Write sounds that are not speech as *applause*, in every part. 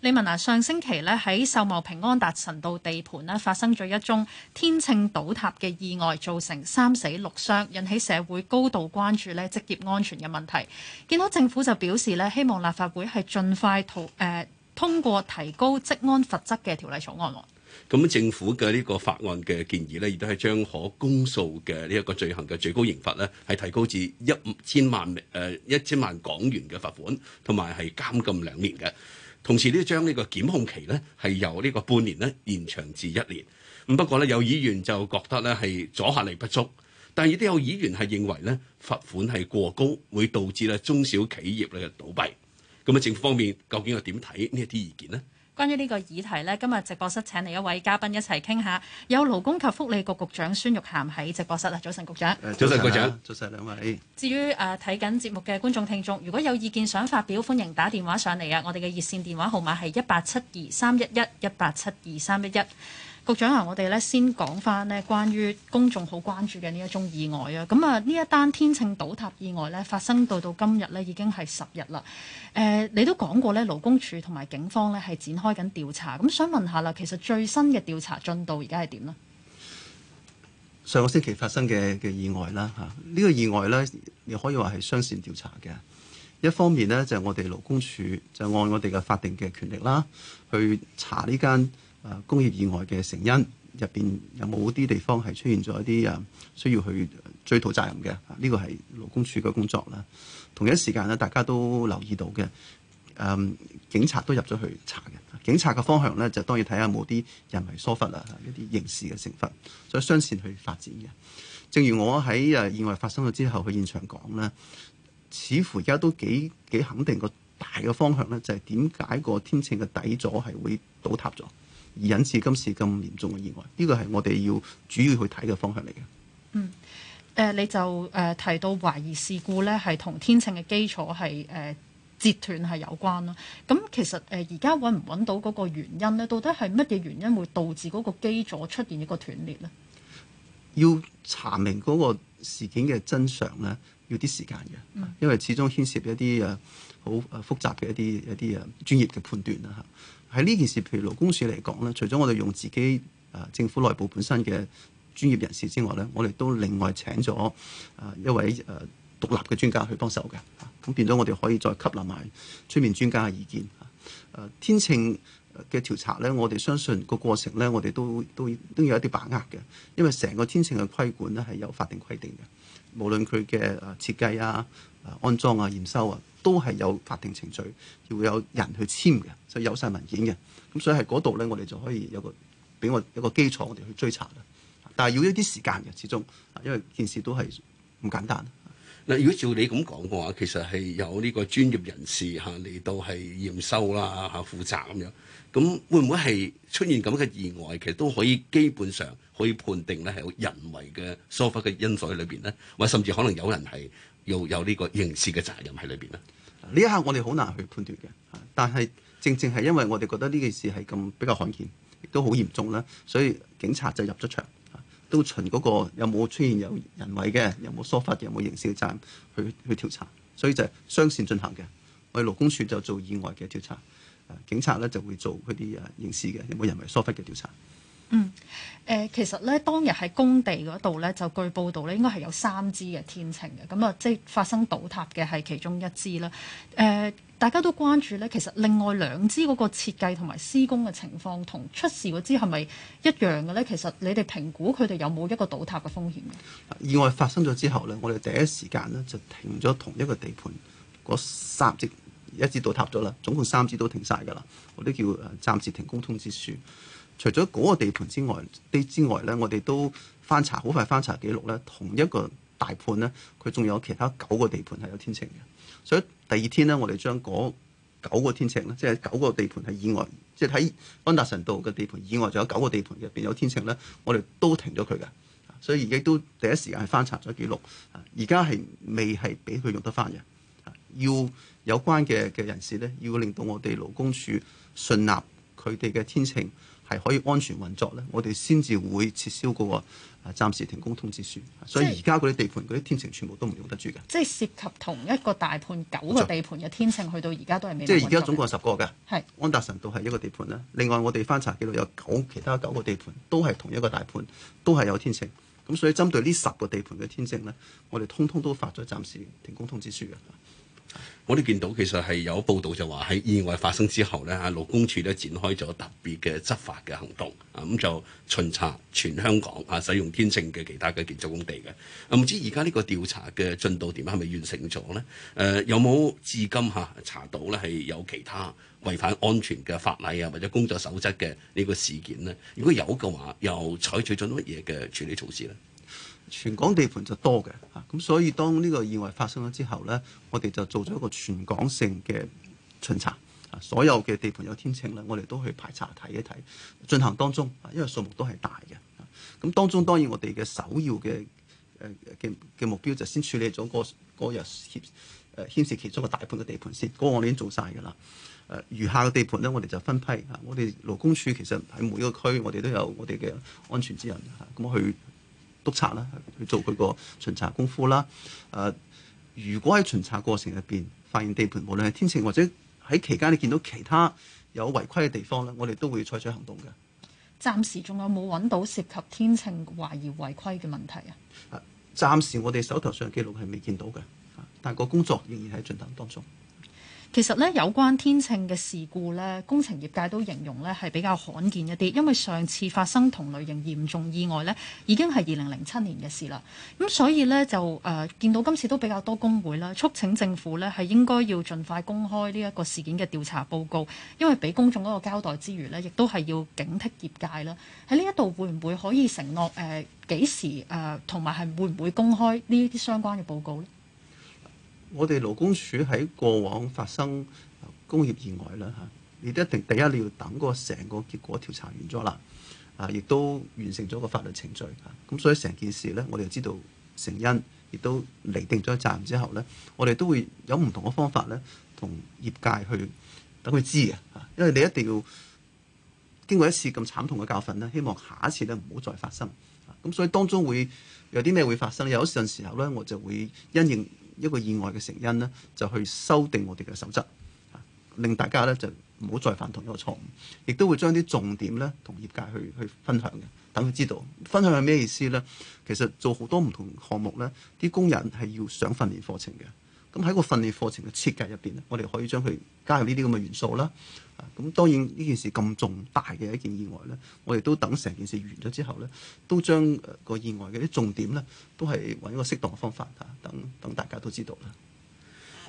李文娜上星期咧，喺秀茂坪安達臣道地盤咧發生咗一宗天秤倒塌嘅意外，造成三死六傷，引起社會高度關注咧職業安全嘅問題。見到政府就表示咧，希望立法會係盡快通誒、呃、通過提高職安罰則嘅條例草案。咁政府嘅呢個法案嘅建議咧，亦都係將可公訴嘅呢一個罪行嘅最高刑罰咧，係提高至一千萬誒、呃、一千萬港元嘅罰款，同埋係監禁兩年嘅。同時呢，將呢個檢控期呢，係由呢個半年呢延長至一年。咁不過呢，有議員就覺得呢係阻嚇力不足，但亦都有議員係認為呢罰款係過高，會導致咧中小企業咧倒閉。咁啊，政府方面究竟又點睇呢一啲意見呢？關於呢個議題呢，今日直播室請嚟一位嘉賓一齊傾下，有勞工及福利局局，局長孫玉菡喺直播室啊！早晨，局長。早晨，局長，早晨兩位。至於誒睇緊節目嘅觀眾聽眾，如果有意見想發表，歡迎打電話上嚟啊！我哋嘅熱線電話號碼係一八七二三一一一八七二三一一。局長啊，我哋咧先講翻咧關於公眾好關注嘅呢一種意外啊！咁啊，呢一單天秤倒塌意外咧發生到到今日咧已經係十日啦。誒、呃，你都講過咧，勞工處同埋警方咧係展開緊調查。咁想問下啦，其實最新嘅調查進度而家係點呢？上個星期發生嘅嘅意外啦，嚇、這、呢個意外咧，你可以話係雙線調查嘅。一方面呢，就係我哋勞工處就按我哋嘅法定嘅權力啦，去查呢間工業意外嘅成因，入邊有冇啲地方係出現咗一啲誒需要去追討責任嘅？呢個係勞工處嘅工作啦。同一時間咧，大家都留意到嘅，誒、嗯、警察都入咗去查嘅。警察嘅方向咧，就當然睇下有冇啲人為疏忽啊，啊一啲刑事嘅成分，所以雙線去發展嘅。正如我喺誒意外發生咗之後去現場講咧，似乎而家都幾幾肯定個大嘅方向咧，就係點解個天秤嘅底座係會倒塌咗。引致今次咁嚴重嘅意外，呢、這個係我哋要主要去睇嘅方向嚟嘅。嗯，誒你就誒提到懷疑事故咧係同天秤嘅基礎係誒折斷係有關咯。咁其實誒而家揾唔揾到嗰個原因咧，到底係乜嘢原因會導致嗰個基礎出現一個斷裂咧？要查明嗰個事件嘅真相咧，要啲時間嘅，嗯、因為始終牽涉一啲誒好誒複雜嘅一啲一啲誒專業嘅判斷啦嚇。喺呢件事，譬如勞工署嚟講咧，除咗我哋用自己誒政府內部本身嘅專業人士之外咧，我哋都另外請咗誒一位誒獨立嘅專家去幫手嘅，咁變咗我哋可以再吸納埋出面專家嘅意見。天秤嘅調查咧，我哋相信個過程咧，我哋都都都有一啲把握嘅，因為成個天秤嘅規管咧係有法定規定嘅，無論佢嘅設計啊。啊、安裝啊、驗收啊，都係有法定程序，要有人去簽嘅、啊，所以有晒文件嘅。咁所以喺嗰度咧，我哋就可以有個俾我一個基礎，我哋去追查啦、啊。但係要一啲時間嘅，始終、啊，因為件事都係唔簡單。嗱、啊，如果照你咁講嘅話，其實係有呢個專業人士嚇嚟、啊、到係驗收啦、啊、嚇、啊、負責咁、啊、樣，咁會唔會係出現咁嘅意外？其實都可以基本上可以判定咧係有人為嘅疏忽嘅因素喺裏邊咧，或者甚至可能有人係。又有呢個刑事嘅責任喺裏邊啦。呢、啊這個、一下我哋好難去判斷嘅、啊，但係正正係因為我哋覺得呢件事係咁比較罕見，亦都好嚴重啦，所以警察就入咗場、啊，都巡嗰個有冇出現有人為嘅，有冇疏忽嘅，有冇刑事嘅責任去去調查，所以就係雙線進行嘅。我哋勞工處就做意外嘅調查，警察咧就會做嗰啲誒刑事嘅，有冇人為疏忽嘅調查。 *laughs* *laughs* *laughs* *laughs* 嗯，誒、呃，其實咧，當日喺工地嗰度咧，就據報道咧，應該係有三支嘅天秤嘅，咁、嗯、啊，即係發生倒塌嘅係其中一支啦。誒、呃，大家都關注咧，其實另外兩支嗰個設計同埋施工嘅情況同出事嗰支係咪一樣嘅咧？其實你哋評估佢哋有冇一個倒塌嘅風險嘅？意外發生咗之後咧，我哋第一時間咧就停咗同一個地盤嗰三支，一支倒塌咗啦，總共三支都停晒噶啦，我哋叫暫時停工通知書。除咗嗰個地盤之外，啲之外咧，我哋都翻查好快，翻查記錄咧。同一個大盤咧，佢仲有其他九個地盤係有天秤嘅，所以第二天咧，我哋將嗰九個天秤，咧，即係九個地盤係以外，即係喺安達臣道嘅地盤以外，仲有九個地盤入邊有天秤咧，我哋都停咗佢嘅。所以而家都第一時間係翻查咗記錄，而家係未係俾佢用得翻嘅。要有關嘅嘅人士咧，要令到我哋勞工處信納佢哋嘅天秤。係可以安全運作咧，我哋先至會撤銷個、啊、暫時停工通知書。所以而家嗰啲地盤嗰啲天秤全部都唔用得住嘅。即係涉及同一個大盤九個地盤嘅天秤錯去到而家都係未。即係而家總共有十個嘅。係是安達臣道係一個地盤啦。另外我哋翻查記錄，有九其他九個地盤都係同一個大盤，都係有天秤。咁。所以針對呢十個地盤嘅天秤咧，我哋通通都發咗暫時停工通知書嘅。我哋見到其實係有報道就話喺意外發生之後咧，嚇勞工處咧展開咗特別嘅執法嘅行動，啊咁就巡查全香港嚇使用天秤嘅其他嘅建築工地嘅。唔知而家呢個調查嘅進度點啊，係咪完成咗咧？誒、呃、有冇至今嚇查到咧係有其他違反安全嘅法例啊，或者工作守則嘅呢個事件咧？如果有嘅話，又採取咗乜嘢嘅處理措施咧？全港地盤就多嘅，咁、啊、所以當呢個意外發生咗之後咧，我哋就做咗一個全港性嘅巡查，啊、所有嘅地盤有天秤啦，我哋都去排查睇一睇，進行當中，啊、因為數目都係大嘅，咁、啊、當中當然我哋嘅首要嘅嘅嘅目標就先處理咗嗰嗰日牽涉其中嘅大盤嘅地盤先，嗰、那、案、個、我哋已經做晒㗎啦，餘下嘅地盤咧我哋就分批，啊、我哋勞工處其實喺每個區我哋都有我哋嘅安全之人咁、啊啊、去。督察啦，去做佢個巡查功夫啦。誒、啊，如果喺巡查過程入邊發現地盤無論係天秤或者喺期間你見到其他有違規嘅地方咧，我哋都會採取行動嘅。暫時仲有冇揾到涉及天秤懷疑違規嘅問題啊？暫時我哋手頭上記錄係未見到嘅，啊，但個工作仍然喺進行當中。其實咧，有關天秤嘅事故咧，工程業界都形容咧係比較罕見一啲，因為上次發生同類型嚴重意外咧，已經係二零零七年嘅事啦。咁所以咧就誒、呃、見到今次都比較多工會啦，促請政府咧係應該要盡快公開呢一個事件嘅調查報告，因為俾公眾一個交代之餘呢，亦都係要警惕業界啦。喺呢一度會唔會可以承諾誒幾時誒，同埋係會唔會公開呢一啲相關嘅報告呢？我哋勞工處喺過往發生工業意外咧，亦都一定第一你要等個成個結果調查完咗啦，啊，亦都完成咗個法律程序啊。咁所以成件事咧，我哋就知道成因，亦都釐定咗責任之後咧，我哋都會有唔同嘅方法咧，同業界去等佢知啊。因為你一定要經過一次咁慘痛嘅教訓咧，希望下一次咧唔好再發生。咁所以當中會有啲咩會發生？有陣時候咧，我就會因應。一個意外嘅成因呢，就去修訂我哋嘅守則，令大家呢就唔好再犯同一個錯誤，亦都會將啲重點呢同業界去去分享嘅，等佢知道分享係咩意思呢。其實做好多唔同項目呢，啲工人係要上訓練課程嘅。喺個訓練課程嘅設計入邊咧，我哋可以將佢加入呢啲咁嘅元素啦。咁、啊、當然呢件事咁重大嘅一件意外咧，我哋都等成件事完咗之後咧，都將個意外嘅啲重點咧，都係揾一個適當嘅方法吓、啊，等等大家都知道啦。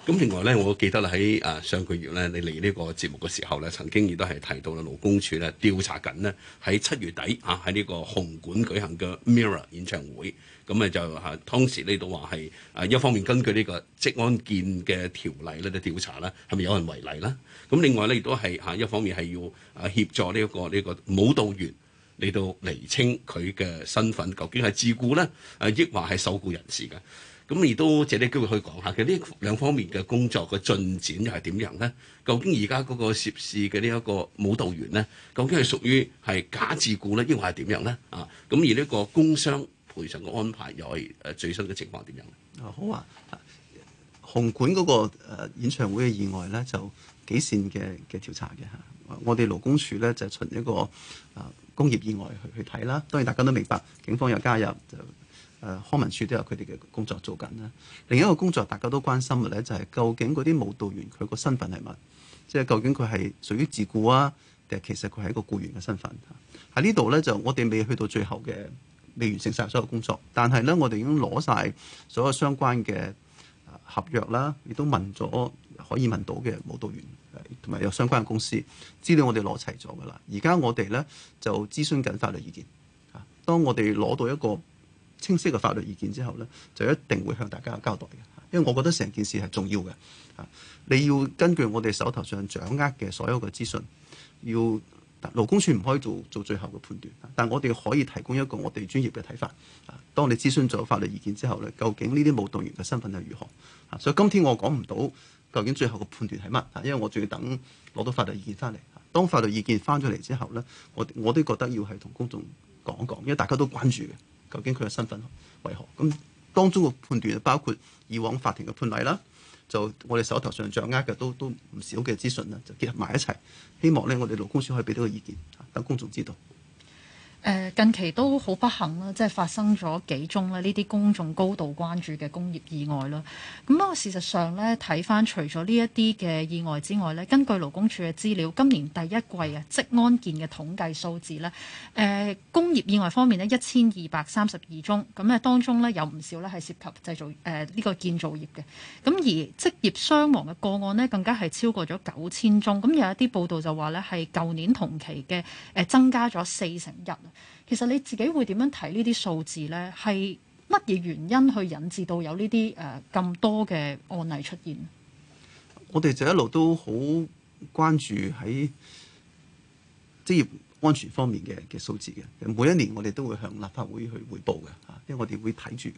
咁另外咧，我記得喺誒上個月咧，你嚟呢個節目嘅時候咧，曾經亦都係提到啦，勞工處咧調查緊呢，喺七月底啊喺呢個紅館舉行嘅 Mirror 演唱會，咁、嗯、咪就嚇當時呢，都話係誒一方面根據呢個職安健嘅條例咧，調查啦係咪有人違例啦？咁另外咧亦都係嚇一方面係要協助呢、呢、一個呢、呢個舞蹈員嚟到釐清佢嘅身份，究竟係自僱咧，誒抑或係受僱人士嘅。咁亦都借啲機會去講下其實呢兩方面嘅工作嘅進展又係點樣咧？究竟而家嗰個涉事嘅呢一個舞蹈員咧，究竟係屬於係假自僱咧，抑或係點樣咧？啊，咁而呢個工傷賠償嘅安排又係誒最新嘅情況係點樣？啊，好啊，紅館嗰個演唱會嘅意外咧，就幾線嘅嘅調查嘅嚇。我哋勞工處咧就循一個啊工業意外去去睇啦。當然大家都明白，警方又加入就。誒康文署都有佢哋嘅工作做緊啦。另一個工作大家都關心嘅咧，就係究竟嗰啲舞蹈員佢個身份係乜？即係究竟佢係屬於自僱啊，定係其實佢係一個僱員嘅身份？啊、喺呢度咧，就我哋未去到最後嘅未完成晒所有工作，但係咧，我哋已經攞晒所有相關嘅合約啦，亦都問咗可以問到嘅舞蹈員同埋、啊、有相關嘅公司，資料我哋攞齊咗噶啦。而家我哋咧就諮詢緊法律意見。啊、當我哋攞到一個。清晰嘅法律意見之後呢，就一定會向大家交代嘅。因為我覺得成件事係重要嘅。你要根據我哋手頭上掌握嘅所有嘅資訊，要勞工處唔可以做做最後嘅判斷，但我哋可以提供一個我哋專業嘅睇法。嚇，當你諮詢咗法律意見之後呢，究竟呢啲武動員嘅身份係如何？所以今天我講唔到究竟最後嘅判斷係乜，因為我仲要等攞到法律意見翻嚟。當法律意見翻咗嚟之後呢，我我都覺得要係同公眾講一講，因為大家都關注嘅。究竟佢嘅身份為何？咁當中嘅判斷包括以往法庭嘅判例啦，就我哋手頭上掌握嘅都都唔少嘅資訊啦，就結合埋一齊，希望咧我哋勞工處可以俾到個意見，等公眾知道。誒近期都好不幸啦，即係發生咗幾宗咧呢啲公眾高度關注嘅工業意外啦。咁不過事實上咧，睇返除咗呢一啲嘅意外之外咧，根據勞工處嘅資料，今年第一季啊職安健嘅統計數字咧，誒、呃、工業意外方面呢，一千二百三十二宗，咁咧當中咧有唔少咧係涉及製造誒呢、呃這個建造業嘅。咁而職業傷亡嘅個案咧更加係超過咗九千宗。咁有一啲報道就話咧係舊年同期嘅誒、呃、增加咗四成一。其實你自己會點樣睇呢啲數字咧？係乜嘢原因去引致到有呢啲誒咁多嘅案例出現？我哋就一路都好關注喺職業安全方面嘅嘅數字嘅。每一年我哋都會向立法會去匯報嘅，因為我哋會睇住嘅。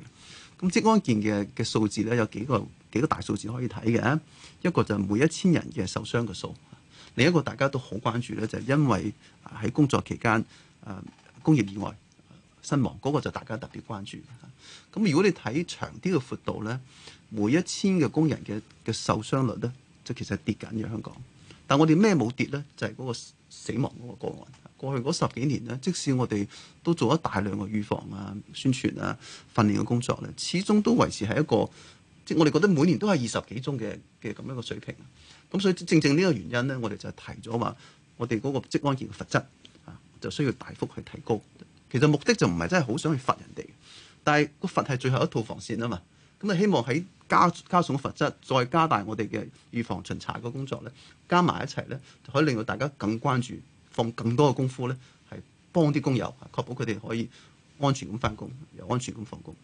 咁職安健嘅嘅數字咧，有幾個幾個大數字可以睇嘅。一個就係每一千人嘅受傷嘅數，另一個大家都好關注咧，就係因為喺工作期間誒。呃工業意外身亡，嗰、那個就大家特別關注。咁如果你睇長啲嘅闊度呢，每一千嘅工人嘅嘅受傷率呢，即係其實跌緊嘅香港。但我哋咩冇跌呢？就係、是、嗰個死亡嗰個個案。過去嗰十幾年呢，即使我哋都做咗大量嘅預防啊、宣傳啊、訓練嘅工作呢，始終都維持係一個即係我哋覺得每年都係二十幾宗嘅嘅咁樣一個水平。咁所以正正呢個原因呢，我哋就提咗話，我哋嗰個職安業嘅罰則。就需要大幅去提高，其實目的就唔係真係好想去罰人哋，但係個罰係最後一套防線啊嘛，咁啊希望喺加加上個罰則，再加大我哋嘅預防巡查嘅工作咧，加埋一齊咧，就可以令到大家更關注，放更多嘅功夫咧，係幫啲工友，確保佢哋可以安全咁翻工，又安全咁放工。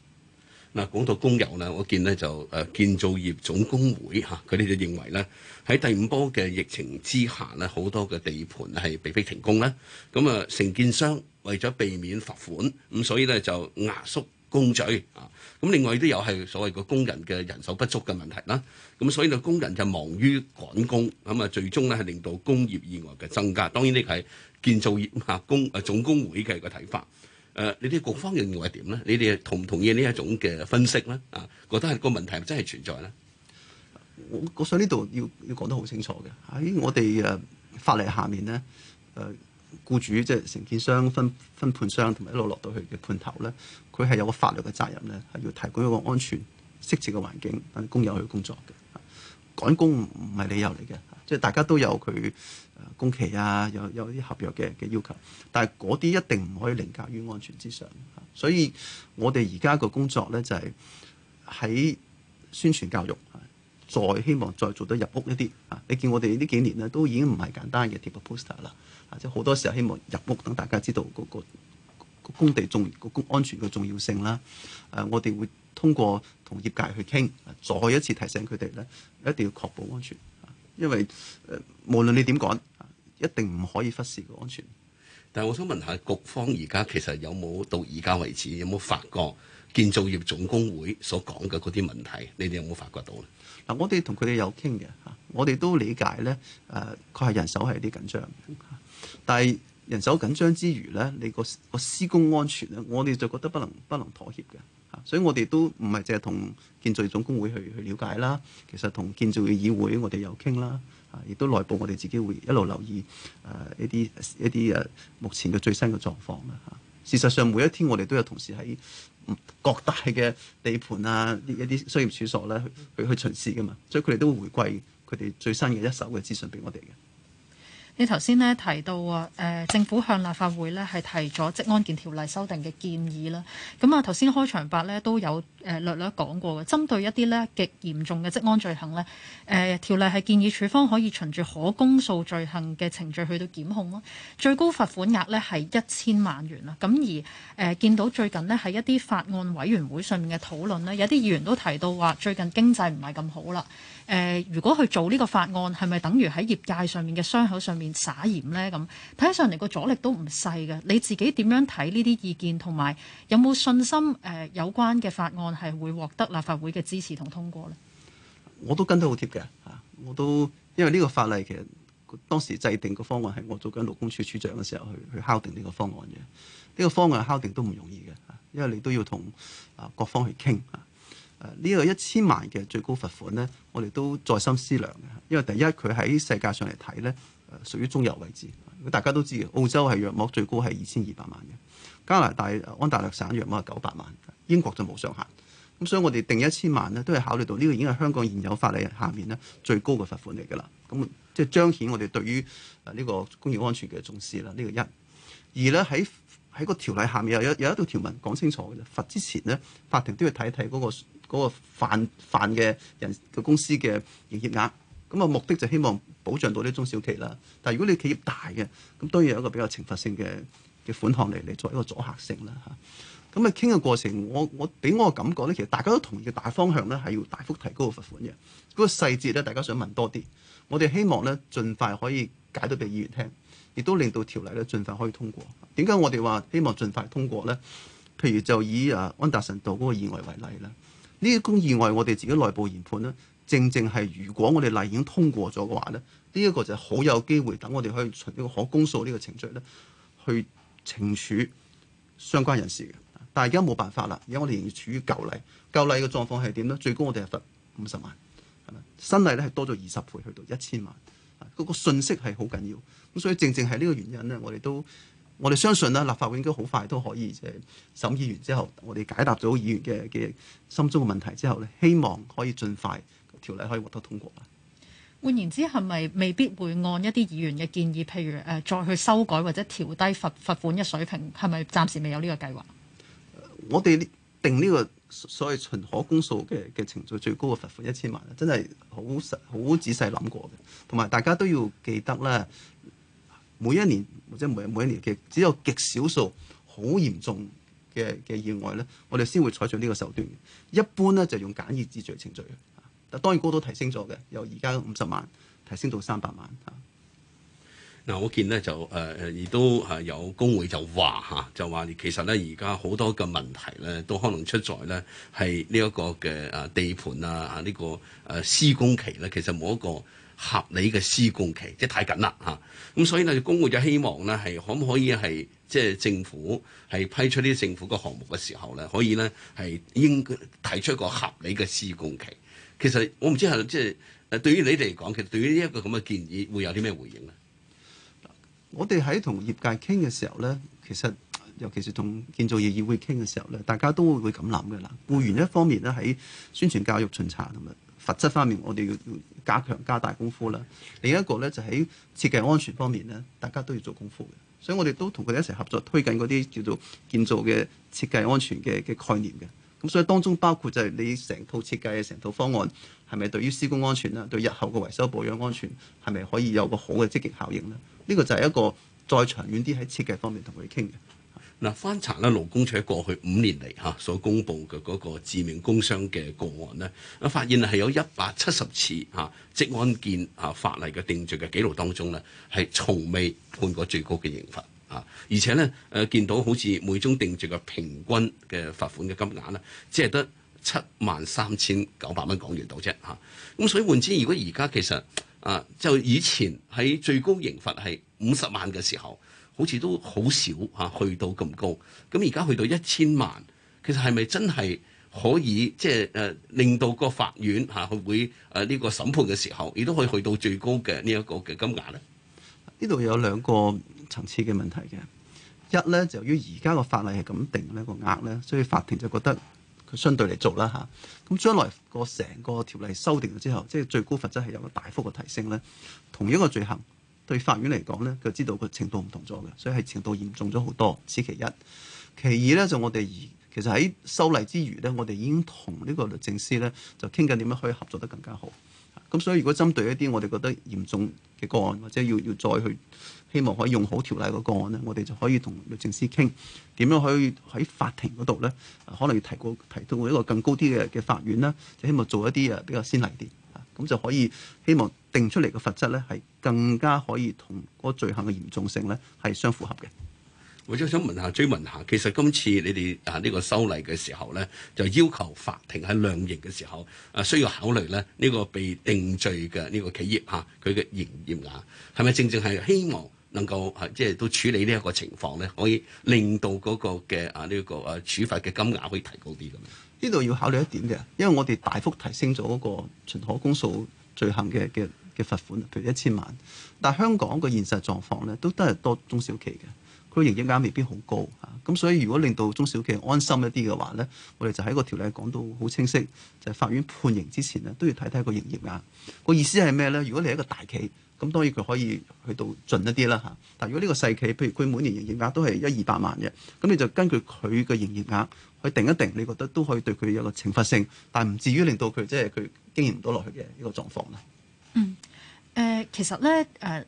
嗱，講到工友呢，我見呢就誒建造業總工會嚇，佢哋就認為呢，喺第五波嘅疫情之下呢，好多嘅地盤係被迫停工啦。咁啊，承建商為咗避免罰款，咁所以呢，就壓縮工序啊。咁另外都有係所謂個工人嘅人手不足嘅問題啦。咁所以呢，工人就忙於趕工，咁啊最終呢，係令到工業意外嘅增加。當然呢個係建造業嚇工誒總工會嘅個睇法。誒、呃，你哋局方認為點咧？你哋同唔同意呢一種嘅分析咧？啊，覺得係個問題真係存在咧？我我想呢度要要講得好清楚嘅喺我哋誒、呃、法例下面咧，誒、呃、僱主即係承建商、分分判商同埋一路落到去嘅判頭咧，佢係有個法律嘅責任咧，係要提供一個安全、適切嘅環境等工友去工作嘅。趕工唔係理由嚟嘅。即係大家都有佢誒工期啊，有有啲合約嘅嘅要求，但係嗰啲一定唔可以凌駕於安全之上。所以我哋而家個工作咧就係、是、喺宣傳教育，再希望再做得入屋一啲。你見我哋呢幾年咧都已經唔係簡單嘅貼個 poster 啦，即係好多時候希望入屋等大家知道嗰個工地重個工安全嘅重要性啦。誒，我哋會通過同業界去傾，再一次提醒佢哋咧一定要確保安全。因為、呃、無論你點講，一定唔可以忽視個安全。但係，我想問下局方而家其實有冇到而家為止有冇發覺建造業總工會所講嘅嗰啲問題？你哋有冇發覺到咧？嗱、呃，我哋同佢哋有傾嘅嚇，我哋都理解咧，誒、呃，佢係人手係有啲緊張，但係人手緊張之餘咧，你個個施工安全咧，我哋就覺得不能不能妥協嘅。所以我哋都唔係淨係同建造總工會去去了解啦，其實同建造嘅議會我哋有傾啦，啊，亦都內部我哋自己會一路留意誒、啊、一啲一啲誒、啊、目前嘅最新嘅狀況啦嚇、啊。事實上每一天我哋都有同事喺各大嘅地盤啊，一啲商業處所咧、啊、去去巡視噶嘛，所以佢哋都會回饋佢哋最新嘅一手嘅資訊俾我哋嘅。你頭先咧提到啊，誒、呃、政府向立法會呢係提咗《職安健條例》修訂嘅建議啦。咁啊，頭先開場白呢都有誒、呃、略略講過嘅，針對一啲呢極嚴重嘅職安罪行呢，誒、呃、條例係建議處方可以循住可公訴罪行嘅程序去到檢控，最高罰款額呢係一千萬元啦。咁而誒、呃、見到最近呢，喺一啲法案委員會上面嘅討論呢，有啲議員都提到話，最近經濟唔係咁好啦。誒、呃、如果去做呢個法案，係咪等於喺業界上面嘅傷口上面撒鹽咧，咁，睇起上嚟個阻力都唔細嘅。你自己點樣睇呢啲意見，同埋有冇信心？誒、呃，有關嘅法案係會獲得立法會嘅支持同通過咧？我都跟得好貼嘅吓，我都因為呢個法例其實當時制定個方案係我做緊勞工處處長嘅時候去去敲定呢個方案嘅。呢、這個方案敲定都唔容易嘅，因為你都要同啊各方去傾啊。誒，呢個一千萬嘅最高罰款呢，我哋都再心思量嘅，因為第一佢喺世界上嚟睇咧。屬於中游位置，大家都知嘅。澳洲係約莫最高係二千二百萬嘅，加拿大安大略省約莫係九百萬，英國就冇上限。咁所以我哋定一千萬咧，都係考慮到呢個已經係香港現有法例下面呢最高嘅罰款嚟㗎啦。咁即係彰顯我哋對於呢個工業安全嘅重視啦。這個、而呢個一，二咧喺喺個條例下面有有一條條文講清楚嘅，罰之前呢，法庭都要睇睇嗰個犯犯嘅人嘅公司嘅營業額。咁啊目的就希望，保障到啲中小企啦，但係如果你企業大嘅，咁當然有一個比較懲罰性嘅嘅款項嚟嚟作為一個阻嚇性啦嚇。咁啊傾嘅過程，我我俾我嘅感覺咧，其實大家都同意嘅大方向咧係要大幅提高個罰款嘅。嗰個細節咧，大家想問多啲。我哋希望咧，儘快可以解到俾議員聽，亦都令到條例咧，儘快可以通過。點解我哋話希望儘快通過咧？譬如就以啊安達臣道嗰個意外為例啦，呢個意外我哋自己內部研判咧。正正係，如果我哋例已經通過咗嘅話咧，呢一個就好有機會等我哋可以循呢個可公訴呢個程序咧，去懲處相關人士嘅。但係而家冇辦法啦，而家我哋仍然處於舊例。舊例嘅狀況係點咧？最高我哋係得五十萬，新例咧係多咗二十倍，去到一千萬。嗰個信息係好緊要咁，所以正正係呢個原因咧，我哋都我哋相信啦，立法會應該好快都可以即係審議完之後，我哋解答咗議員嘅嘅心中嘅問題之後咧，希望可以盡快。條例可以獲得通過嗎？換言之，係咪未必會按一啲議員嘅建議，譬如誒、呃，再去修改或者調低罰罰款嘅水平？係咪暫時未有呢個計劃？呃、我哋定呢個所謂循可公訴嘅嘅程序最高嘅罰款一千萬，真係好實好仔細諗過嘅。同埋大家都要記得咧，每一年或者每每一年嘅只有極少數好嚴重嘅嘅意外咧，我哋先會採取呢個手段。一般咧就用簡易治罪程序。但當然高都提升咗嘅，由而家五十萬提升到三百萬嚇。嗱，我見咧就誒誒，亦、呃、都係有工會就話嚇、啊，就話其實咧而家好多嘅問題咧，都可能出在咧係呢一個嘅啊地盤啊呢個誒施工期咧，其實冇一個合理嘅施工期，即係太緊啦嚇。咁、啊、所以呢，工會就希望咧係可唔可以係即係政府係批出啲政府嘅項目嘅時候咧，可以咧係應該提出一個合理嘅施工期。其實我唔知係即係，就是，對於你哋嚟講，其實對於呢一個咁嘅建議，會有啲咩回應咧？我哋喺同業界傾嘅時候咧，其實尤其是同建造業議會傾嘅時候咧，大家都會咁諗嘅啦。固然一方面咧，喺宣傳教育巡查同埋罰則，方面，我哋要加強，加大功夫啦。另一個咧就喺設計安全方面咧，大家都要做功夫嘅。所以我哋都同佢哋一齊合作推進嗰啲叫做建造嘅設計安全嘅嘅概念嘅。咁所以當中包括就係你成套設計嘅成套方案係咪對於施工安全啦，對日後嘅維修保養安全係咪可以有個好嘅積極效應呢？呢個就係一個再長遠啲喺設計方面同佢哋傾嘅。嗱，翻查咧勞工處喺過去五年嚟嚇所公布嘅嗰個致命工傷嘅個案呢，我發現係有一百七十次嚇職安健法例嘅定罪嘅記錄當中呢，係從未判過最高嘅刑罰。啊！而且咧，誒見到好似每宗定罪嘅平均嘅罰款嘅金額咧，只係得七萬三千九百蚊港元到啫。嚇、啊！咁所以換之，如果而家其實啊，就以前喺最高刑罰係五十萬嘅時候，好似都好少嚇、啊、去到咁高。咁而家去到一千萬，其實係咪真係可以即係誒令到個法院佢、啊、會誒呢、啊呢個審判嘅時候，亦都可以去到最高嘅呢一個嘅金額咧？呢度有兩個。層次嘅問題嘅一咧就由於而家個法例係咁定額呢個額咧，所以法庭就覺得佢相對嚟做啦吓，咁、啊、將來個成個條例修訂咗之後，即係最高罰則係有個大幅嘅提升咧。同一個罪行對法院嚟講咧，佢就知道個程度唔同咗嘅，所以係程度嚴重咗好多。此其一，其二咧就我哋其實喺修例之餘咧，我哋已經同呢個律政司咧就傾緊點樣可以合作得更加好。咁所以如果針對一啲我哋覺得嚴重嘅個案或者要要再去。希望可以用好條例個個案呢，我哋就可以同律政司傾點樣可以喺法庭嗰度呢，可能要提高提到一個更高啲嘅嘅法院啦，就、啊、希望做一啲啊比較先例啲，咁、啊、就可以希望定出嚟嘅罰則呢，係、啊、更加可以同嗰個罪行嘅嚴重性呢係相符合嘅。我仲想問下追問下，其實今次你哋啊呢個修例嘅時候呢，就要求法庭喺量刑嘅時候啊需要考慮咧呢、呢個被定罪嘅呢個企業嚇佢嘅營業額係咪正正係希望？能夠係即係都處理呢一個情況咧，可以令到嗰個嘅啊呢個啊處罰嘅金額可以提高啲咁樣。呢度要考慮一點嘅，因為我哋大幅提升咗嗰個循可公訴罪行嘅嘅嘅罰款，譬如一千萬。但係香港個現實狀況咧，都都係多中小企嘅，佢營業額未必好高嚇。咁、啊、所以如果令到中小企安心一啲嘅話咧，我哋就喺個條例講到好清晰，就係、是、法院判刑之前咧都要睇睇個營業額。個意思係咩咧？如果你係一個大企。咁當然佢可以去到盡一啲啦嚇，但如果呢個細企，譬如佢每年營業額都係一二百萬嘅，咁你就根據佢嘅營業額去定一定，你覺得都可以對佢有個懲罰性，但係唔至於令到佢即係佢經營唔到落去嘅呢個狀況啦。嗯，誒、呃，其實咧，誒、呃。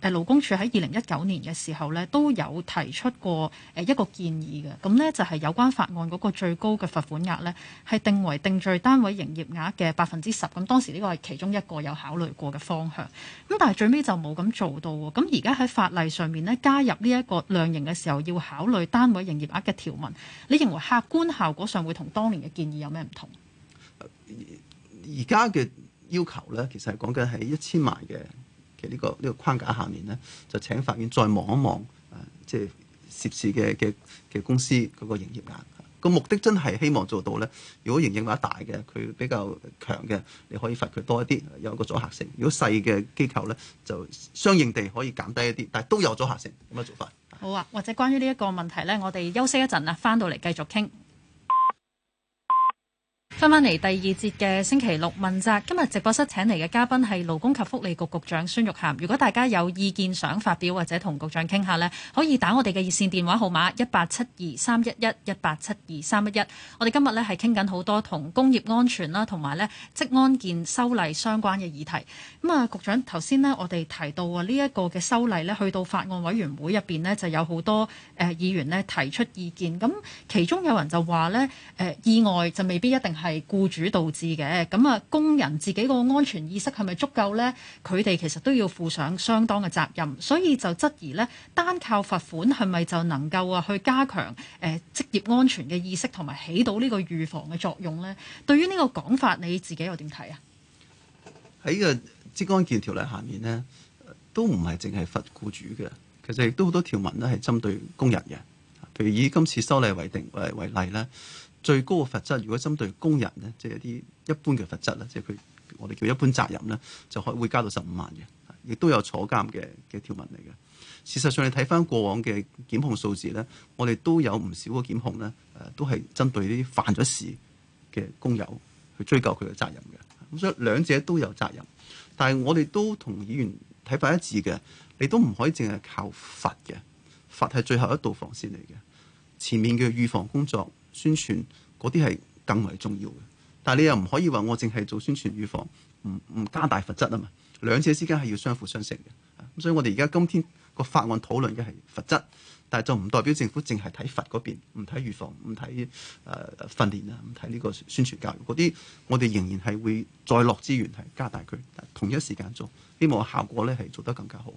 誒勞工處喺二零一九年嘅時候咧，都有提出過誒一個建議嘅，咁咧就係有關法案嗰個最高嘅罰款額咧，係定為定罪單位營業額嘅百分之十。咁當時呢個係其中一個有考慮過嘅方向，咁但係最尾就冇咁做到喎。咁而家喺法例上面咧，加入呢一個量刑嘅時候要考慮單位營業額嘅條文，你認為客觀效果上會同當年嘅建議有咩唔同？而家嘅要求咧，其實係講緊係一千萬嘅。呢個呢個框架下面咧，就請法院再望一望，誒、啊，即、就、係、是、涉事嘅嘅嘅公司嗰個營業額。個、啊、目的真係希望做到咧。如果營業額大嘅，佢比較強嘅，你可以罰佢多一啲，有一個阻嚇性。如果細嘅機構咧，就相應地可以減低一啲，但係都有阻嚇性咁嘅做法。啊好啊，或者關於呢一個問題咧，我哋休息一陣啦，翻到嚟繼續傾。翻翻嚟第二節嘅星期六問責，今日直播室請嚟嘅嘉賓係勞工及福利局局長孫玉菡。如果大家有意見想發表或者同局長傾下咧，可以打我哋嘅熱線電話號碼一八七二三一一一八七二三一一。我哋今日咧係傾緊好多同工業安全啦，同埋咧職安健修例相關嘅議題。咁、嗯、啊，局長頭先咧，我哋提到啊，呢一個嘅修例咧，去到法案委員會入邊咧，就有好多誒、呃、議員咧提出意見，咁其中有人就話咧，誒、呃、意外就未必一定係。係僱主導致嘅，咁、嗯、啊，工人自己個安全意識係咪足夠呢？佢哋其實都要負上相當嘅責任，所以就質疑呢，單靠罰款係咪就能夠啊去加強誒職業安全嘅意識，同埋起到呢個預防嘅作用呢？」對於呢個講法，你自己又點睇啊？喺個《職安健條例》下面呢，都唔係淨係罰僱主嘅，其實亦都好多條文呢係針對工人嘅，譬如以今次修例為定、呃、為例呢。最高嘅罰則，如果針對工人咧，即係一啲一般嘅罰則啦，即係佢我哋叫一般責任咧，就可會加到十五萬嘅，亦都有坐監嘅嘅條文嚟嘅。事實上，你睇翻過往嘅檢控數字咧，我哋都有唔少嘅檢控咧，誒都係針對呢啲犯咗事嘅工友去追究佢嘅責任嘅。咁所以兩者都有責任，但係我哋都同議員睇法一致嘅，你都唔可以淨係靠罰嘅，罰係最後一道防線嚟嘅，前面嘅預防工作，宣傳嗰啲係更為重要嘅，但係你又唔可以話我淨係做宣傳預防，唔唔加大罰則啊嘛。兩者之間係要相輔相成嘅，咁所以我哋而家今天個法案討論嘅係罰則，但係就唔代表政府淨係睇罰嗰邊，唔睇預防，唔睇誒訓練啊，唔睇呢個宣傳教育嗰啲。我哋仍然係會再落資源係加大佢，同一時間做，希望效果咧係做得更加好。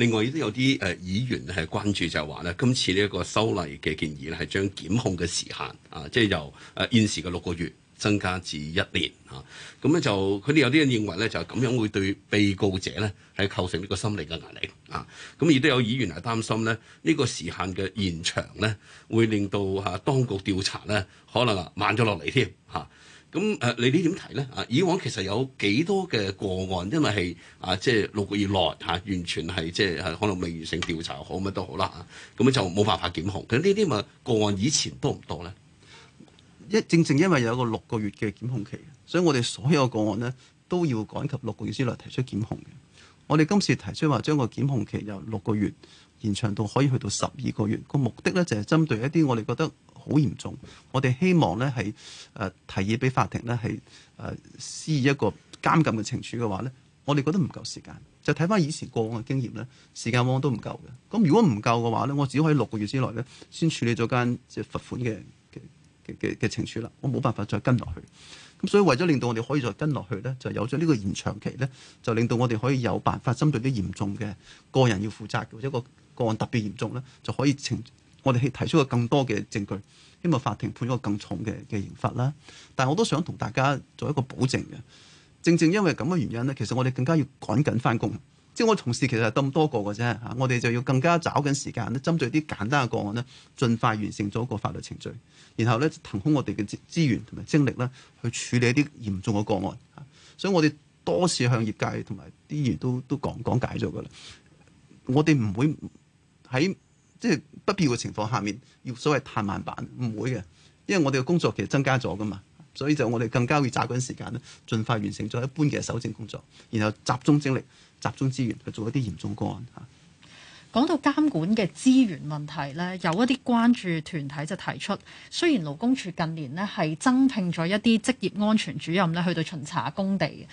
另外亦都有啲誒議員係關注就係話咧，今次呢一個修例嘅建議咧，係將檢控嘅時限啊，即係由誒現時嘅六個月增加至一年嚇。咁咧就佢哋有啲人認為咧，就咁樣會對被告者咧係構成呢個心理嘅壓力啊。咁亦都有議員係擔心咧，呢個時限嘅延長咧，會令到嚇當局調查咧可能慢咗落嚟添嚇。啊。咁誒，你哋點睇呢？啊，以往其實有幾多嘅個案，因為係啊，即係六個月內嚇、啊，完全係即係可能未完成調查好乜都好啦嚇，咁、啊啊、就冇辦法檢控。其實呢啲咪個案以前多唔多呢？一正正因為有個六個月嘅檢控期，所以我哋所有個案咧都要趕及六個月之內提出檢控。我哋今次提出話將個檢控期由六個月延長到可以去到十二個月，個目的呢，就係、係、針對一啲我哋覺得。好嚴重，我哋希望咧係誒提議俾法庭咧係誒施以一個監禁嘅懲處嘅話咧，我哋覺得唔夠時間。就睇翻以前過往嘅經驗咧，時間往往都唔夠嘅。咁如果唔夠嘅話咧，我只可以六個月之內咧先處理咗間即係罰款嘅嘅嘅嘅懲處啦。我冇辦法再跟落去。咁所以為咗令到我哋可以再跟落去咧，就有咗呢個延長期咧，就令到我哋可以有辦法針對啲嚴重嘅個人要負責，或者一個個案特別嚴重咧，就可以懲。我哋去提出咗更多嘅證據，希望法庭判咗個更重嘅嘅刑罰啦。但係我都想同大家做一個保證嘅，正正因為咁嘅原因咧，其實我哋更加要趕緊返工。即係我同事其實係咁多個嘅啫嚇，我哋就要更加找緊時間咧，針對啲簡單嘅個案咧，盡快完成咗個法律程序，然後咧騰空我哋嘅資源同埋精力咧，去處理啲嚴重嘅個案。所以我哋多次向業界同埋啲議員都都講講解咗㗎喇。我哋唔會喺。即係不必要嘅情況下面，要所謂嘆慢板，唔會嘅，因為我哋嘅工作其實增加咗噶嘛，所以就我哋更加要揸緊時間咧，盡快完成咗一般嘅搜證工作，然後集中精力、集中資源去做一啲嚴重個案嚇。講到監管嘅資源問題咧，有一啲關注團體就提出，雖然勞工處近年咧係增聘咗一啲職業安全主任咧去到巡查工地，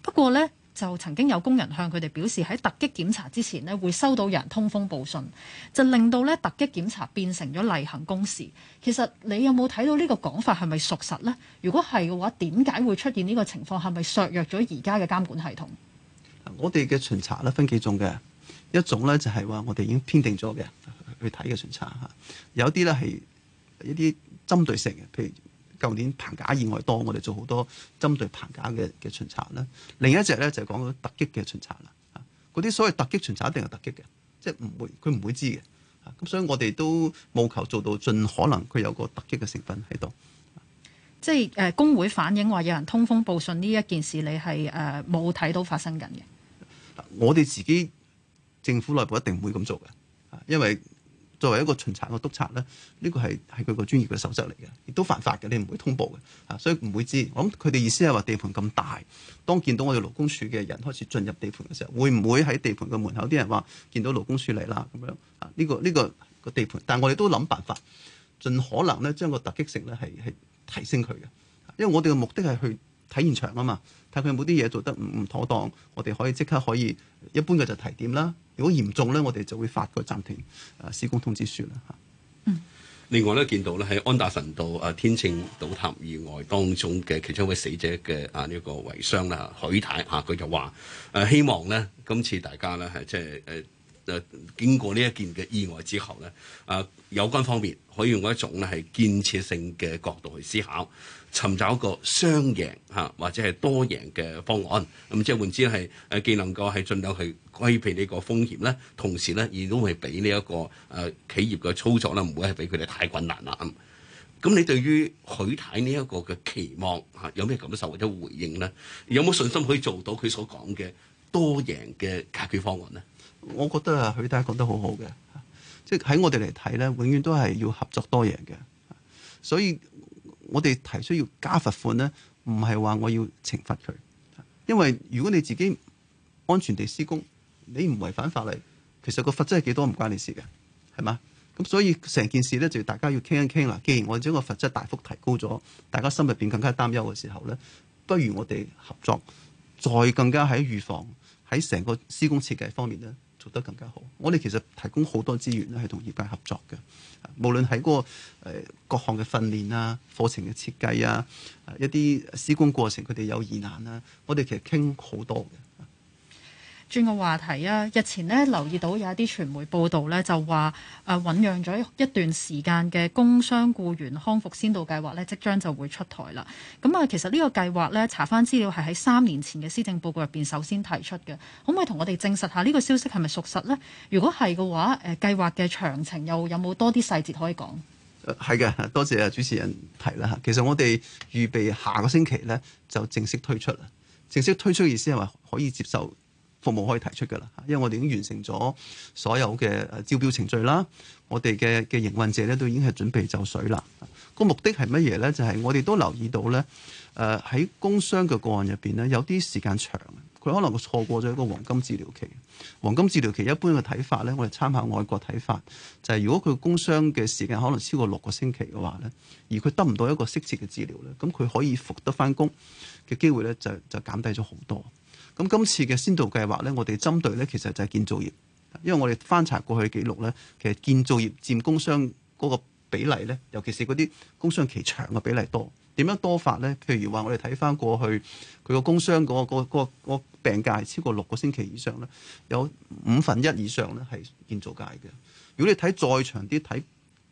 不過咧。就曾經有工人向佢哋表示喺突擊檢查之前咧會收到有人通風報信，就令到咧突擊檢查變成咗例行公事。其實你有冇睇到呢個講法係咪屬實呢？如果係嘅話，點解會出現呢個情況？係咪削弱咗而家嘅監管系統？我哋嘅巡查咧分幾種嘅，一種咧就係話我哋已經編定咗嘅去睇嘅巡查嚇，有啲咧係一啲針對性嘅，譬如。舊年棚架意外多，我哋做好多針對棚架嘅嘅巡查啦。另一隻咧就係講到突擊嘅巡查啦。嗰、啊、啲所謂突擊巡查一定係突擊嘅，即係唔會佢唔會知嘅。咁、啊、所以我哋都務求做到盡可能佢有個突擊嘅成分喺度。即係誒、呃，工會反映話有人通風報信呢一件事你，你係誒冇睇到發生緊嘅、啊。我哋自己政府內部一定唔會咁做嘅，啊，因為。作為一個巡查個督察咧，呢個係係佢個專業嘅守則嚟嘅，亦都犯法嘅，你唔會通報嘅，啊，所以唔會知。我諗佢哋意思係話地盤咁大，當見到我哋勞工處嘅人開始進入地盤嘅時候，會唔會喺地盤嘅門口啲人話見到勞工處嚟啦？咁樣啊？呢個呢個個地盤，但係我哋都諗辦法，盡可能咧將個突擊性咧係係提升佢嘅，因為我哋嘅目的係去。睇現場啊嘛，睇佢有冇啲嘢做得唔妥當，我哋可以即刻可以一般嘅就提點啦。如果嚴重咧，我哋就會發個暫停啊施工通知書啦嚇。嗯，另外咧，見到咧喺安達臣道啊天秤倒塌意外當中嘅其中一位死者嘅啊呢、呢個遺孀啦許太嚇佢、啊、就話誒、啊、希望咧今次大家咧係即係誒誒經過呢一件嘅意外之後咧啊有關方面可以用一種咧係建設性嘅角度去思考。尋找一個雙贏嚇，或者係多贏嘅方案，咁即係換之係誒，既能夠係盡量去規避呢個風險咧，同時咧亦都係俾呢一個誒企業嘅操作咧，唔會係俾佢哋太困難啦。咁，咁你對於許太呢一個嘅期望嚇，有咩感受或者回應咧？有冇信心可以做到佢所講嘅多贏嘅解決方案咧？我覺得啊，許太講得好好嘅，即係喺我哋嚟睇咧，永遠都係要合作多贏嘅，所以。我哋提出要加罰款咧，唔係話我要懲罰佢，因為如果你自己安全地施工，你唔違反法例，其實個罰則係幾多唔關你事嘅，係嘛？咁所以成件事咧，就要大家要傾一傾啦。既然我哋將個罰則大幅提高咗，大家心入邊更加擔憂嘅時候咧，不如我哋合作，再更加喺預防喺成個施工設計方面咧。做得更加好。我哋其實提供好多資源咧，係同業界合作嘅、啊。無論喺、嗰個誒、呃、各項嘅訓練啊、課程嘅設計啊、啊一啲施工過程佢哋有疑難啊。我哋其實傾好多嘅。轉個話題啊！日前呢，留意到有一啲傳媒報道呢，就話誒醖釀咗一段時間嘅工傷雇員康復先導計劃呢，即將就會出台啦。咁、嗯、啊，其實呢個計劃呢，查翻資料係喺三年前嘅施政報告入邊首先提出嘅。可唔可以同我哋證實下呢個消息係咪屬實呢？如果係嘅話，誒計劃嘅詳情又有冇多啲細節可以講？誒係嘅，多謝啊主持人提啦。其實我哋預備下個星期呢，就正式推出啦。正式推出意思係話可以接受服務可以提出嘅啦，因為我哋已經完成咗所有嘅招標程序啦，我哋嘅嘅營運者咧都已經係準備就緒啦。個目的係乜嘢咧？就係、是、我哋都留意到咧，誒、呃、喺工傷嘅個案入邊咧，有啲時間長，佢可能會錯過咗一個黃金治療期。黃金治療期一般嘅睇法咧，我哋參考外國睇法，就係、是、如果佢工傷嘅時間可能超過六個星期嘅話咧，而佢得唔到一個適切嘅治療咧，咁佢可以復得返工嘅機會咧，就就減低咗好多。咁今次嘅先導計劃咧，我哋針對咧其實就係建造業，因為我哋翻查過去記錄咧，其實建造業佔工商嗰個比例咧，尤其是嗰啲工商期長嘅比例多。點樣多法咧？譬如話我哋睇翻過去佢個工商、嗰個、嗰個個、嗰個病假係超過六個星期以上咧，有五分一以上咧係建造界嘅。如果你睇再長啲，睇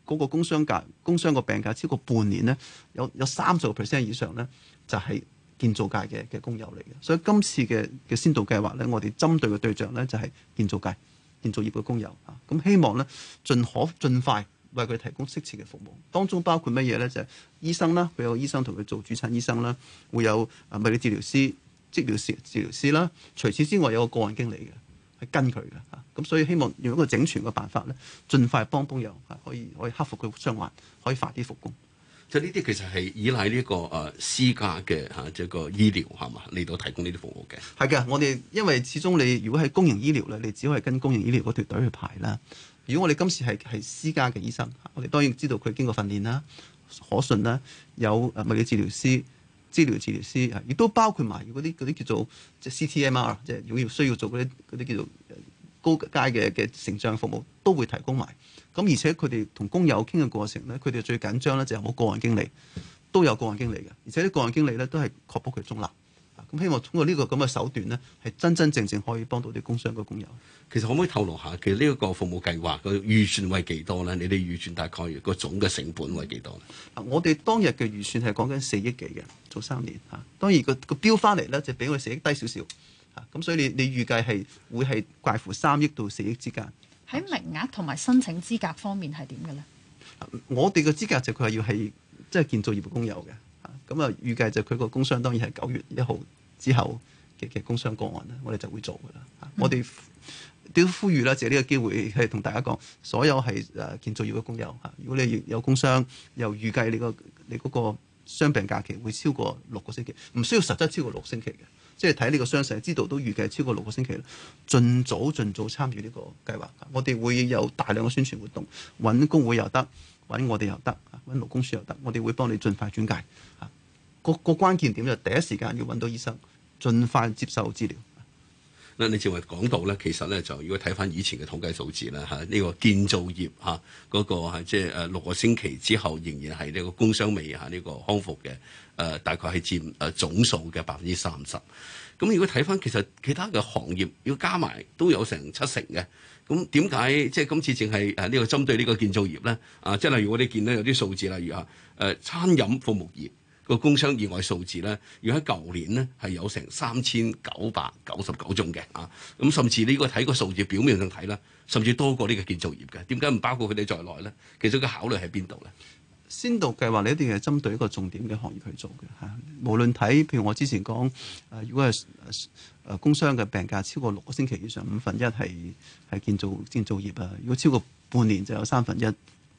嗰個工商界，工商個病假超過半年咧，有有三十個 percent 以上咧就係、係。建造界嘅嘅工友嚟嘅，所以今次嘅嘅先導計劃咧，我哋針對嘅對象咧就係建造界、建造業嘅工友啊，咁希望咧盡可盡快為佢提供適切嘅服務，當中包括乜嘢咧？就係、是、醫生啦，會有醫生同佢做主診醫生啦，會有物理治療師、職療師、治療師啦，除此之外有個個案經理嘅，係跟佢嘅嚇，咁、啊、所以希望用一個整全嘅辦法咧，盡快幫工友係、啊、可以可以克服佢傷患，可以快啲復工。就呢啲其實係依賴呢個誒私家嘅，嚇，即係個醫療係咪嚟到提供呢啲服務嘅？係嘅，我哋因為始終你如果係公營醫療咧，你只可以跟公營醫療個團隊去排啦。如果我哋今次係係私家嘅醫生，我哋當然知道佢經過訓練啦，可信啦，有物理治療師、治療治療師亦都包括埋啲嗰啲叫做 MR，即係 CTMR，即係如果要需要做嗰啲啲叫做高階嘅嘅成像服務，都會提供埋。咁而且佢哋同工友傾嘅過程咧，佢哋最緊張咧就係冇個案經理，都有個案經理嘅，而且啲個案經理咧都係確保佢中立。咁希望通過呢個咁嘅手段咧，係真真正正可以幫到啲工傷嘅工友。其實可唔可以透露下，其實呢一個服務計劃嘅預算為幾多咧？你哋預算大概個總嘅成本為幾多咧？我哋當日嘅預算係講緊四億幾嘅，做三年嚇、啊。當然個個標翻嚟咧就比我哋四億低少少嚇。咁、啊、所以你你預計係會係介乎三億到四億之間。喺名額同埋申請資格方面係點嘅咧？我哋嘅資格就佢係要係即係建造業嘅工友嘅，嚇咁啊預計就佢個工傷當然係九月一號之後嘅嘅工傷個案咧，我哋就會做噶啦。啊嗯、我哋都呼籲啦，借呢個機會係同大家講，所有係誒建造業嘅工友嚇、啊，如果你有工傷，又預計你，你個你嗰個傷病假期會超過六個星期，唔需要實質超過六星期嘅。即係睇呢個傷勢，知道都預計超過六個星期，盡早盡早參與呢個計劃。我哋會有大量嘅宣傳活動，揾工會又得，揾我哋又得，揾勞工署又得，我哋會幫你盡快轉介。個、啊、個關鍵點就第一時間要揾到醫生，盡快接受治療。嗱，你正話講到咧，其實咧就如果睇翻以前嘅統計數字咧嚇，呢個建造業嚇嗰個係即係誒六個星期之後仍然係呢個工傷未嚇呢個康復嘅誒，大概係佔誒總數嘅百分之三十。咁如果睇翻其實其他嘅行業要加埋都有成七成嘅。咁點解即係今次淨係誒呢個針對呢個建造業咧？啊，即係例如我哋見到有啲數字，例如嚇誒餐飲服務業。個工傷意外數字咧，如果喺舊年呢係有成三千九百九十九宗嘅啊，咁甚至呢個睇個數字表面上睇啦，甚至多過呢個建造業嘅，點解唔包括佢哋在內咧？其實佢考慮喺邊度咧？先導計劃你一定係針對一個重點嘅行業去做嘅嚇、啊，無論睇譬如我之前講，誒、啊、如果係誒、啊、工傷嘅病假超過六個星期以上，五分一係係建造建造業啊，如果超過半年就有三分一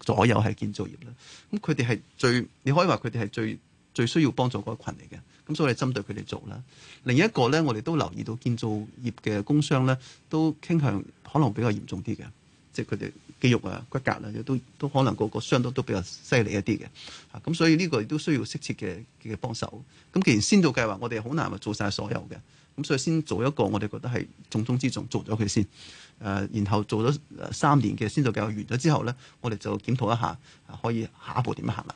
左右係建造業啦。咁佢哋係最，你可以話佢哋係最。最需要幫助嗰群嚟嘅，咁所以我哋針對佢哋做啦。另一個呢，我哋都留意到建造業嘅工傷呢，都傾向可能比較嚴重啲嘅，即係佢哋肌肉啊、骨骼啊，都都可能個個傷都比較犀利一啲嘅。啊，咁所以呢個亦都需要適切嘅嘅幫手。咁既然先導計劃，我哋好難話做晒所有嘅，咁所以先做一個，我哋覺得係重中之重，做咗佢先。誒、呃，然後做咗三年嘅先導計劃完咗之後呢，我哋就檢討一下，可以下一步點行啦。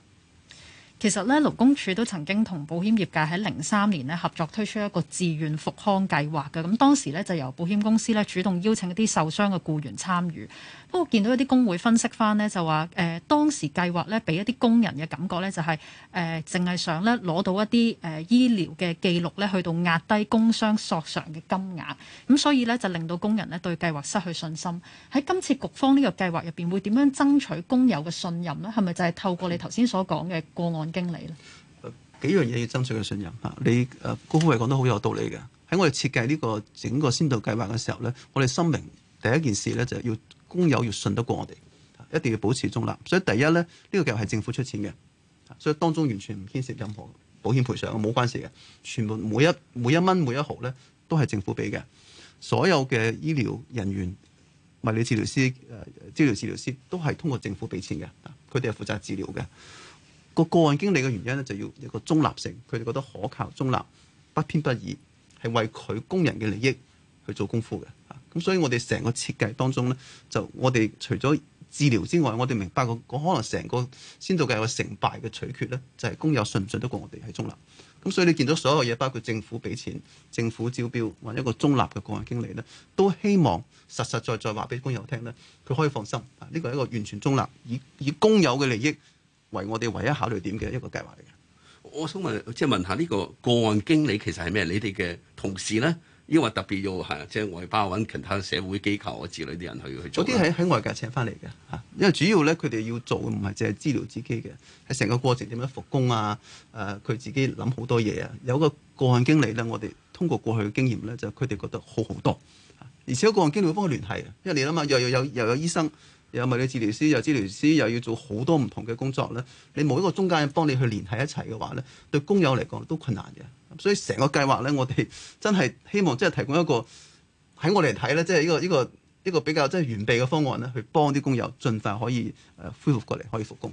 其實咧，勞工處都曾經同保險業界喺零三年咧合作推出一個自願復康計劃嘅，咁當時咧就由保險公司咧主動邀請一啲受傷嘅僱員參與。不過見到一啲工會分析翻呢，就話誒、呃、當時計劃咧，俾一啲工人嘅感覺呢，就係誒淨係想咧攞到一啲誒、呃、醫療嘅記錄咧，去到壓低工傷索償嘅金額，咁、嗯、所以呢，就令到工人咧對計劃失去信心。喺今次局方呢個計劃入邊，會點樣爭取工友嘅信任咧？係咪就係透過你頭先所講嘅個案經理咧？幾樣嘢要爭取嘅信任吓，你誒、呃、高夫係講得好有道理嘅。喺我哋設計呢個整個先導計劃嘅時候呢，我哋心明第一件事呢，就係要。工友要信得過我哋，一定要保持中立。所以第一呢，呢個計劃係政府出錢嘅，所以當中完全唔牽涉任何保險賠償，冇關事嘅。全部每一每一蚊每一毫咧，都係政府俾嘅。所有嘅醫療人員，物理治療師、誒、呃，醫療治療師都係通過政府俾錢嘅。佢哋係負責治療嘅。個個案經理嘅原因咧，就要一個中立性，佢哋覺得可靠、中立、不偏不倚，係為佢工人嘅利益去做功夫嘅。咁所以我哋成個設計當中呢，就我哋除咗治療之外，我哋明白個可能成個先導計劃成敗嘅取決呢，就係、是、工友信唔信得過我哋喺中立。咁所以你見到所有嘢，包括政府俾錢、政府招標揾一個中立嘅個案經理呢，都希望實實在在話俾工友聽呢，佢可以放心啊！呢個係一個完全中立，以以工友嘅利益為我哋唯一考慮點嘅一個計劃嚟嘅。我想問，即、就、係、是、問下呢個個案經理其實係咩？你哋嘅同事呢？因為特別要係，即係外包揾其他社會機構之類啲人去去做。嗰啲喺喺外界請翻嚟嘅嚇，因為主要咧佢哋要做嘅唔係淨係治療自己嘅，係成個過程點樣復工啊？誒、呃，佢自己諗好多嘢啊！有個個案經理咧，我哋通過過去嘅經驗咧，就佢哋覺得好好多，而且個案經理會幫佢聯繫啊，因為你諗下，又有又有又有醫生。有物理治療師，有治療師，又要做好多唔同嘅工作咧。你冇一個中間人幫你去聯繫一齊嘅話咧，對工友嚟講都困難嘅。所以成個計劃咧，我哋真係希望即係提供一個喺我哋嚟睇咧，即係呢個呢個呢個比較即係完備嘅方案咧，去幫啲工友盡快可以誒恢復過嚟，可以復工。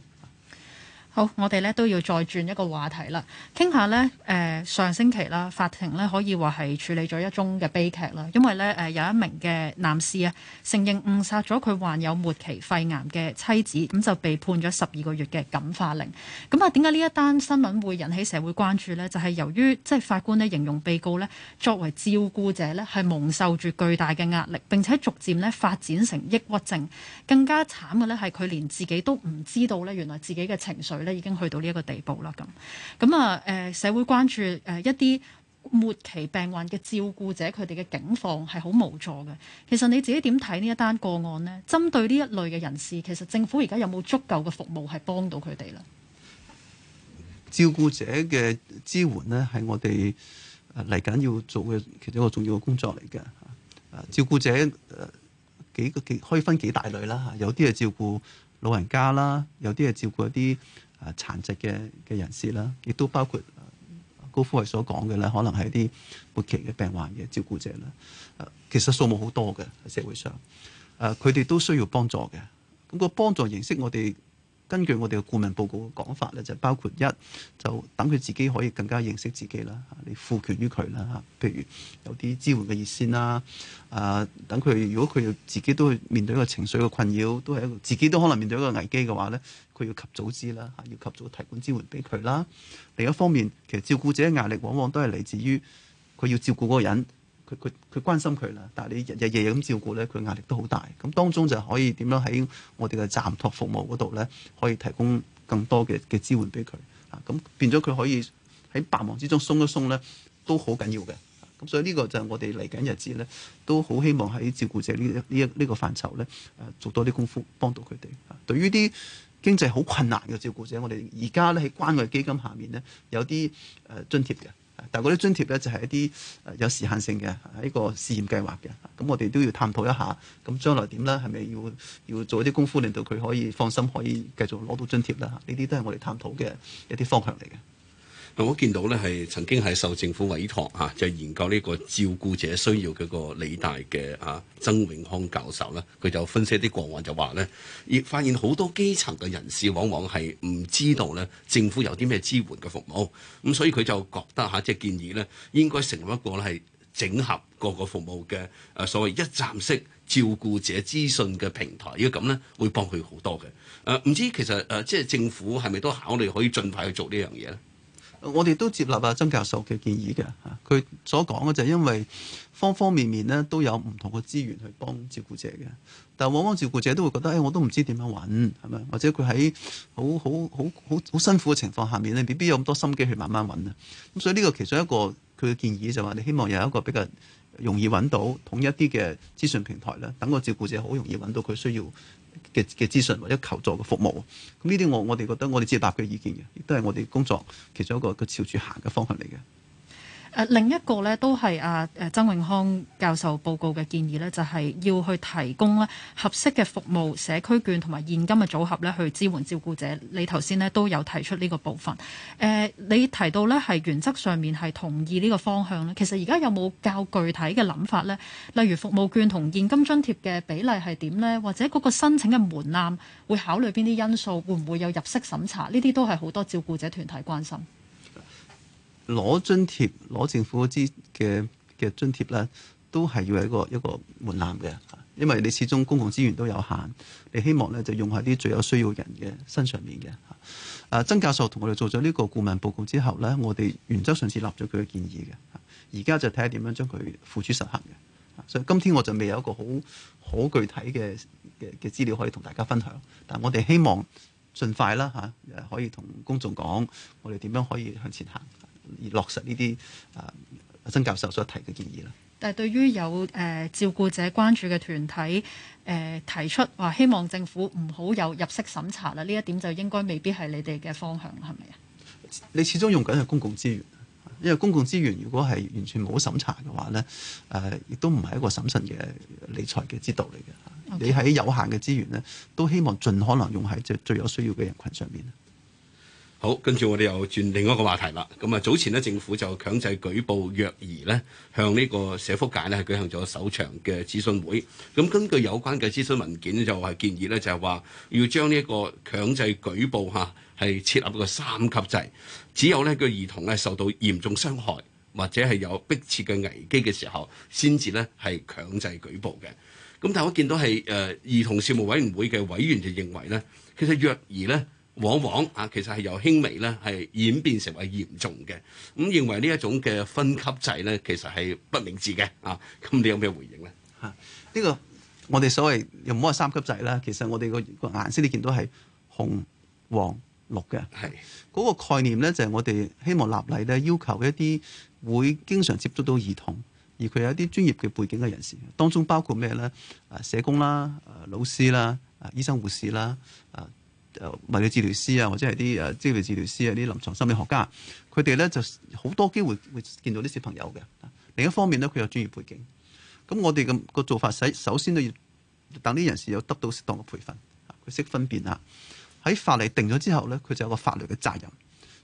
好，我哋呢都要再轉一個話題啦，傾下呢，誒、呃、上星期啦，法庭呢可以話係處理咗一宗嘅悲劇啦，因為呢，誒、呃、有一名嘅男士啊，承認誤殺咗佢患有末期肺癌嘅妻子，咁就被判咗十二個月嘅感化令。咁啊，點解呢一單新聞會引起社會關注呢？就係、是、由於即係法官呢形容被告呢作為照顧者呢，係蒙受住巨大嘅壓力，並且逐漸呢發展成抑鬱症，更加慘嘅呢，係佢連自己都唔知道呢，原來自己嘅情緒。已經去到呢一個地步啦，咁咁啊，誒、嗯，社會關注誒，一啲末期病患嘅照顧者，佢哋嘅境況係好無助嘅。其實你自己點睇呢一單個案呢？針對呢一類嘅人士，其實政府而家有冇足夠嘅服務係幫到佢哋啦？照顧者嘅支援呢，係我哋嚟緊要做嘅其中一個重要嘅工作嚟嘅。啊，照顧者、呃、幾幾可以分幾大類啦？吓，有啲係照顧老人家啦，有啲係照顧一啲。啊，殘、呃、疾嘅嘅人士啦，亦都包括、呃、高夫慧所講嘅啦，可能係啲末期嘅病患嘅照顧者啦。誒、呃，其實數目好多嘅喺社會上，誒、呃，佢哋都需要幫助嘅。咁、那個幫助形式，我哋，根據我哋嘅顧問報告嘅講法咧，就是、包括一就等佢自己可以更加認識自己啦，你賦權於佢啦，譬如有啲支援嘅熱線啦，啊等佢如果佢要自己都去面對一個情緒嘅困擾，都係一個自己都可能面對一個危機嘅話咧，佢要及早知啦，嚇、啊、要及早提供支援俾佢啦。另一方面，其實照顧者嘅壓力往往都係嚟自於佢要照顧嗰個人。佢佢佢關心佢啦，但係你日日夜夜咁照顧咧，佢壓力都好大。咁當中就可以點樣喺我哋嘅暫託服務嗰度咧，可以提供更多嘅嘅支援俾佢。啊，咁變咗佢可以喺百忙之中鬆一鬆咧，都好緊要嘅。咁所以呢個就係我哋嚟緊日子咧，都好希望喺照顧者呢呢一呢個範疇咧，誒做多啲功夫，幫到佢哋。對於啲經濟好困難嘅照顧者，我哋而家咧喺關愛基金下面咧，有啲誒、呃、津貼嘅。但係嗰啲津貼咧就係一啲有時限性嘅一個試驗計劃嘅，咁、嗯、我哋都要探討一下，咁、嗯、將來點咧？係咪要要做一啲功夫，令到佢可以放心可以繼續攞到津貼咧？嚇，呢啲都係我哋探討嘅一啲方向嚟嘅。我見到咧係曾經係受政府委託嚇，就研究呢個照顧者需要嗰個理大嘅啊，曾永康教授咧，佢就分析一啲個案就話咧，而發現好多基層嘅人士往往係唔知道咧政府有啲咩支援嘅服務，咁所以佢就覺得嚇，即係建議咧應該成立一個咧係整合各個服務嘅誒所謂一站式照顧者資訊嘅平台，因為咁咧會幫佢好多嘅。誒唔知其實誒即係政府係咪都考慮可以盡快去做呢樣嘢咧？我哋都接納啊，曾教授嘅建議嘅吓，佢所講嘅就係因為方方面面咧都有唔同嘅資源去幫照顧者嘅，但往往照顧者都會覺得誒、哎，我都唔知點樣揾係咪，或者佢喺好好好好好辛苦嘅情況下面咧，未必有咁多心機去慢慢揾啊，咁所以呢個其中一個佢嘅建議就係話，你希望有一個比較容易揾到統一啲嘅資訊平台咧，等個照顧者好容易揾到佢需要嘅嘅資訊或者求助嘅服務，咁呢啲我我哋覺得我哋只係答佢意見嘅，亦都係我哋工作其中一個佢朝住行嘅方向嚟嘅。另一個咧，都係阿誒曾永康教授報告嘅建議咧，就係、是、要去提供咧合適嘅服務社區券同埋現金嘅組合咧，去支援照顧者。你頭先咧都有提出呢個部分。誒、呃，你提到咧係原則上面係同意呢個方向咧，其實而家有冇較具體嘅諗法咧？例如服務券同現金津貼嘅比例係點咧？或者嗰個申請嘅門檻會考慮邊啲因素？會唔會有入息審查？呢啲都係好多照顧者團體關心。攞津貼攞政府嘅支嘅嘅津貼咧，都係要係一個一個門檻嘅。因為你始終公共資源都有限，你希望咧就用喺啲最有需要的人嘅身上面嘅。啊，曾教授同我哋做咗呢個顧問報告之後咧，我哋原則上次立咗佢嘅建議嘅。而家就睇下點樣將佢付諸實行嘅。所以今天我就未有一個好好具體嘅嘅嘅資料可以同大家分享，但我哋希望盡快啦嚇，可以同公眾講我哋點樣可以向前行。而落實呢啲啊，曾教授所提嘅建議啦。但係對於有誒、呃、照顧者關注嘅團體誒、呃、提出話、呃、希望政府唔好有入息審查啦，呢一點就應該未必係你哋嘅方向，係咪啊？你始終用緊係公共資源，因為公共資源如果係完全冇審查嘅話咧，誒亦都唔係一個審慎嘅理財嘅之道嚟嘅。Okay. 你喺有限嘅資源咧，都希望盡可能用喺即係最有需要嘅人群上面。好，跟住我哋又轉另一個話題啦。咁啊，早前呢，政府就強制舉報虐兒呢，向呢個社福界呢，係舉行咗首場嘅諮詢會。咁根據有關嘅諮詢文件就係建議呢，就係話要將呢一個強制舉報吓係設立一個三級制，只有呢個兒童呢受到嚴重傷害或者係有迫切嘅危機嘅時候，先至呢係強制舉報嘅。咁但係我見到係誒、呃、兒童事務委員會嘅委員就認為呢，其實虐兒呢，往往啊，其實係由輕微咧係演變成為嚴重嘅。咁、嗯、認為呢一種嘅分級制咧，其實係不明智嘅啊。咁你有咩回應咧？嚇、啊、呢、這個我哋所謂又唔好話三級制啦。其實我哋個個顏色你見到係紅、黃、綠嘅。係嗰是個概念咧，就係、是、我哋希望立例咧，要求一啲會經常接觸到兒童而佢有一啲專業嘅背景嘅人士，當中包括咩咧？啊，社工啦，啊，老師啦，啊，醫生、護士啦，啊。啊誒、物理治療師啊，或者係啲誒職業治療師啊，啲臨床心理學家，佢哋咧就好多機會會見到啲小朋友嘅。另一方面咧，佢有專業背景。咁我哋咁個做法，使首先都要等啲人士有得到適當嘅培訓，佢識分辨啊。喺法例定咗之後咧，佢就有個法律嘅責任。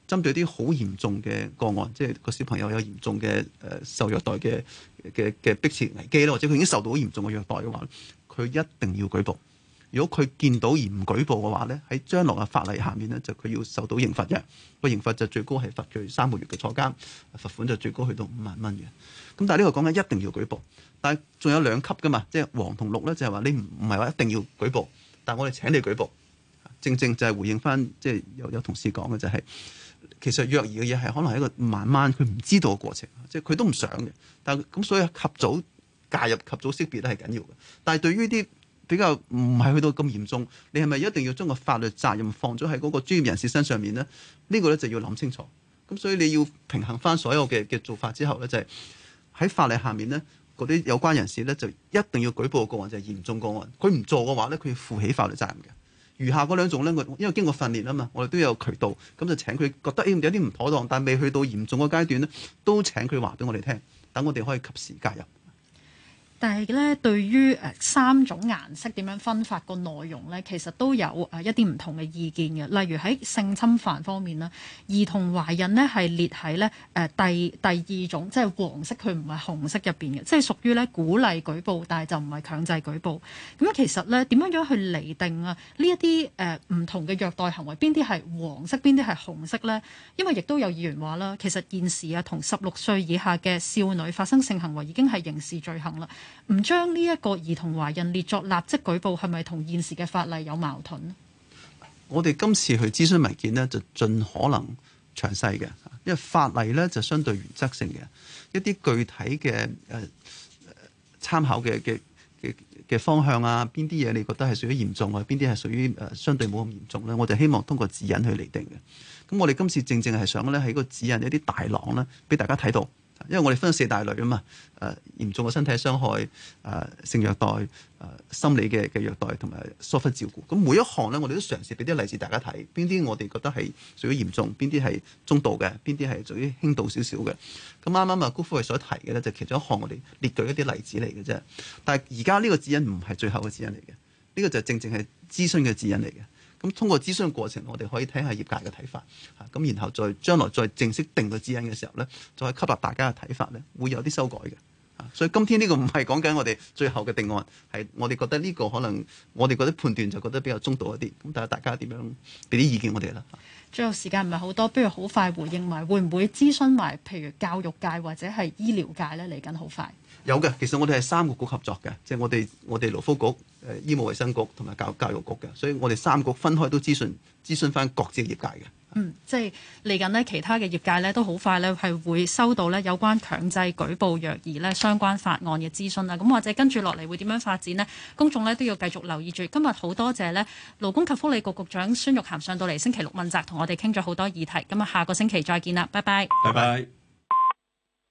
針對啲好嚴重嘅個案，即係個小朋友有嚴重嘅誒、呃、受虐待嘅嘅嘅迫切危機咧，或者佢已經受到好嚴重嘅虐待嘅話，佢一定要舉報。如果佢見到而唔舉報嘅話咧，喺將來嘅法例下面咧，就佢要受到刑罰嘅。個刑罰就最高係罰佢三個月嘅坐監，罰款就最高去到五萬蚊嘅。咁但係呢個講緊一定要舉報，但係仲有兩級㗎嘛，即係黃同綠咧，就係話你唔唔係話一定要舉報，但係我哋請你舉報。正正就係回應返，即係有有同事講嘅就係、是，其實虐兒嘅嘢係可能係一個慢慢佢唔知道嘅過程，即係佢都唔想嘅。但係咁所以及早介入、及早識別係緊要嘅。但係對於啲比較唔係去到咁嚴重，你係咪一定要將個法律責任放咗喺嗰個專業人士身上面呢？呢個呢就要諗清楚。咁所以你要平衡翻所有嘅嘅做法之後呢，就係喺法例下面呢，嗰啲有關人士呢，就一定要舉報個案，就係嚴重個案。佢唔做嘅話呢，佢要負起法律責任嘅。餘下嗰兩種呢，我因為經過訓練啊嘛，我哋都有渠道，咁就請佢覺得、哎、有啲唔妥當，但未去到嚴重嘅階段呢，都請佢話俾我哋聽，等我哋可以及時介入。但係咧，對於誒、呃、三種顏色點樣分發個內容咧，其實都有誒一啲唔同嘅意見嘅。例如喺性侵犯方面啦，兒童懷孕咧係列喺咧誒第第二種，即係黃色，佢唔係紅色入邊嘅，即係屬於咧鼓勵舉報，但係就唔係強制舉報。咁其實咧點樣樣去釐定啊呢一啲誒唔同嘅虐待行為邊啲係黃色，邊啲係紅色咧？因為亦都有議員話啦，其實現時啊，同十六歲以下嘅少女發生性行為已經係刑事罪行啦。唔將呢一個兒童懷孕列作立即舉報，係咪同現時嘅法例有矛盾？我哋今次去諮詢文件呢，就盡可能詳細嘅，因為法例咧就相對原則性嘅，一啲具體嘅誒參考嘅嘅嘅嘅方向啊，邊啲嘢你覺得係屬於嚴重啊？邊啲係屬於誒相對冇咁嚴重咧？我哋希望通過指引去釐定嘅。咁我哋今次正正係想咧喺個指引一啲大浪啦，俾大家睇到。因為我哋分咗四大類啊嘛，誒、呃、嚴重嘅身體傷害，誒、呃、性虐待，誒、呃、心理嘅嘅虐待，同埋疏忽照顧。咁每一項咧，我哋都嘗試俾啲例子大家睇，邊啲我哋覺得係屬於嚴重，邊啲係中度嘅，邊啲係屬於輕度少少嘅。咁啱啱啊，姑夫佢所提嘅咧，就是，其中一項我哋列舉一啲例子嚟嘅啫。但係而家呢個指引唔係最後嘅指引嚟嘅，呢、呢個就是正正係諮詢嘅指引嚟嘅。咁通過諮詢過程，我哋可以睇下業界嘅睇法嚇，咁然後再將來再正式定個指引嘅時候咧，再吸納大家嘅睇法咧，會有啲修改嘅啊。所以今天呢個唔係講緊我哋最後嘅定案，係我哋覺得呢個可能我哋覺得判斷就覺得比較中道一啲。咁睇下大家點樣俾啲意見我哋啦。最後時間唔係好多，不如好快回應埋，會唔會諮詢埋？譬如教育界或者係醫療界咧，嚟緊好快。有嘅，其實我哋係三個局合作嘅，即係我哋我哋勞福局、誒、呃、醫務衛生局同埋教教育局嘅，所以我哋三局分開都諮詢諮詢返各自嘅業界嘅。嗯，即係嚟緊呢，其他嘅業界呢都好快呢係會收到呢有關強制舉報虐兒呢相關法案嘅諮詢啦。咁、啊、或者跟住落嚟會點樣發展呢？公眾呢都要繼續留意住。今日好多謝呢勞工及福利局局長孫玉菡上到嚟星期六問責，同我哋傾咗好多議題。咁啊，下個星期再見啦，拜拜。拜拜。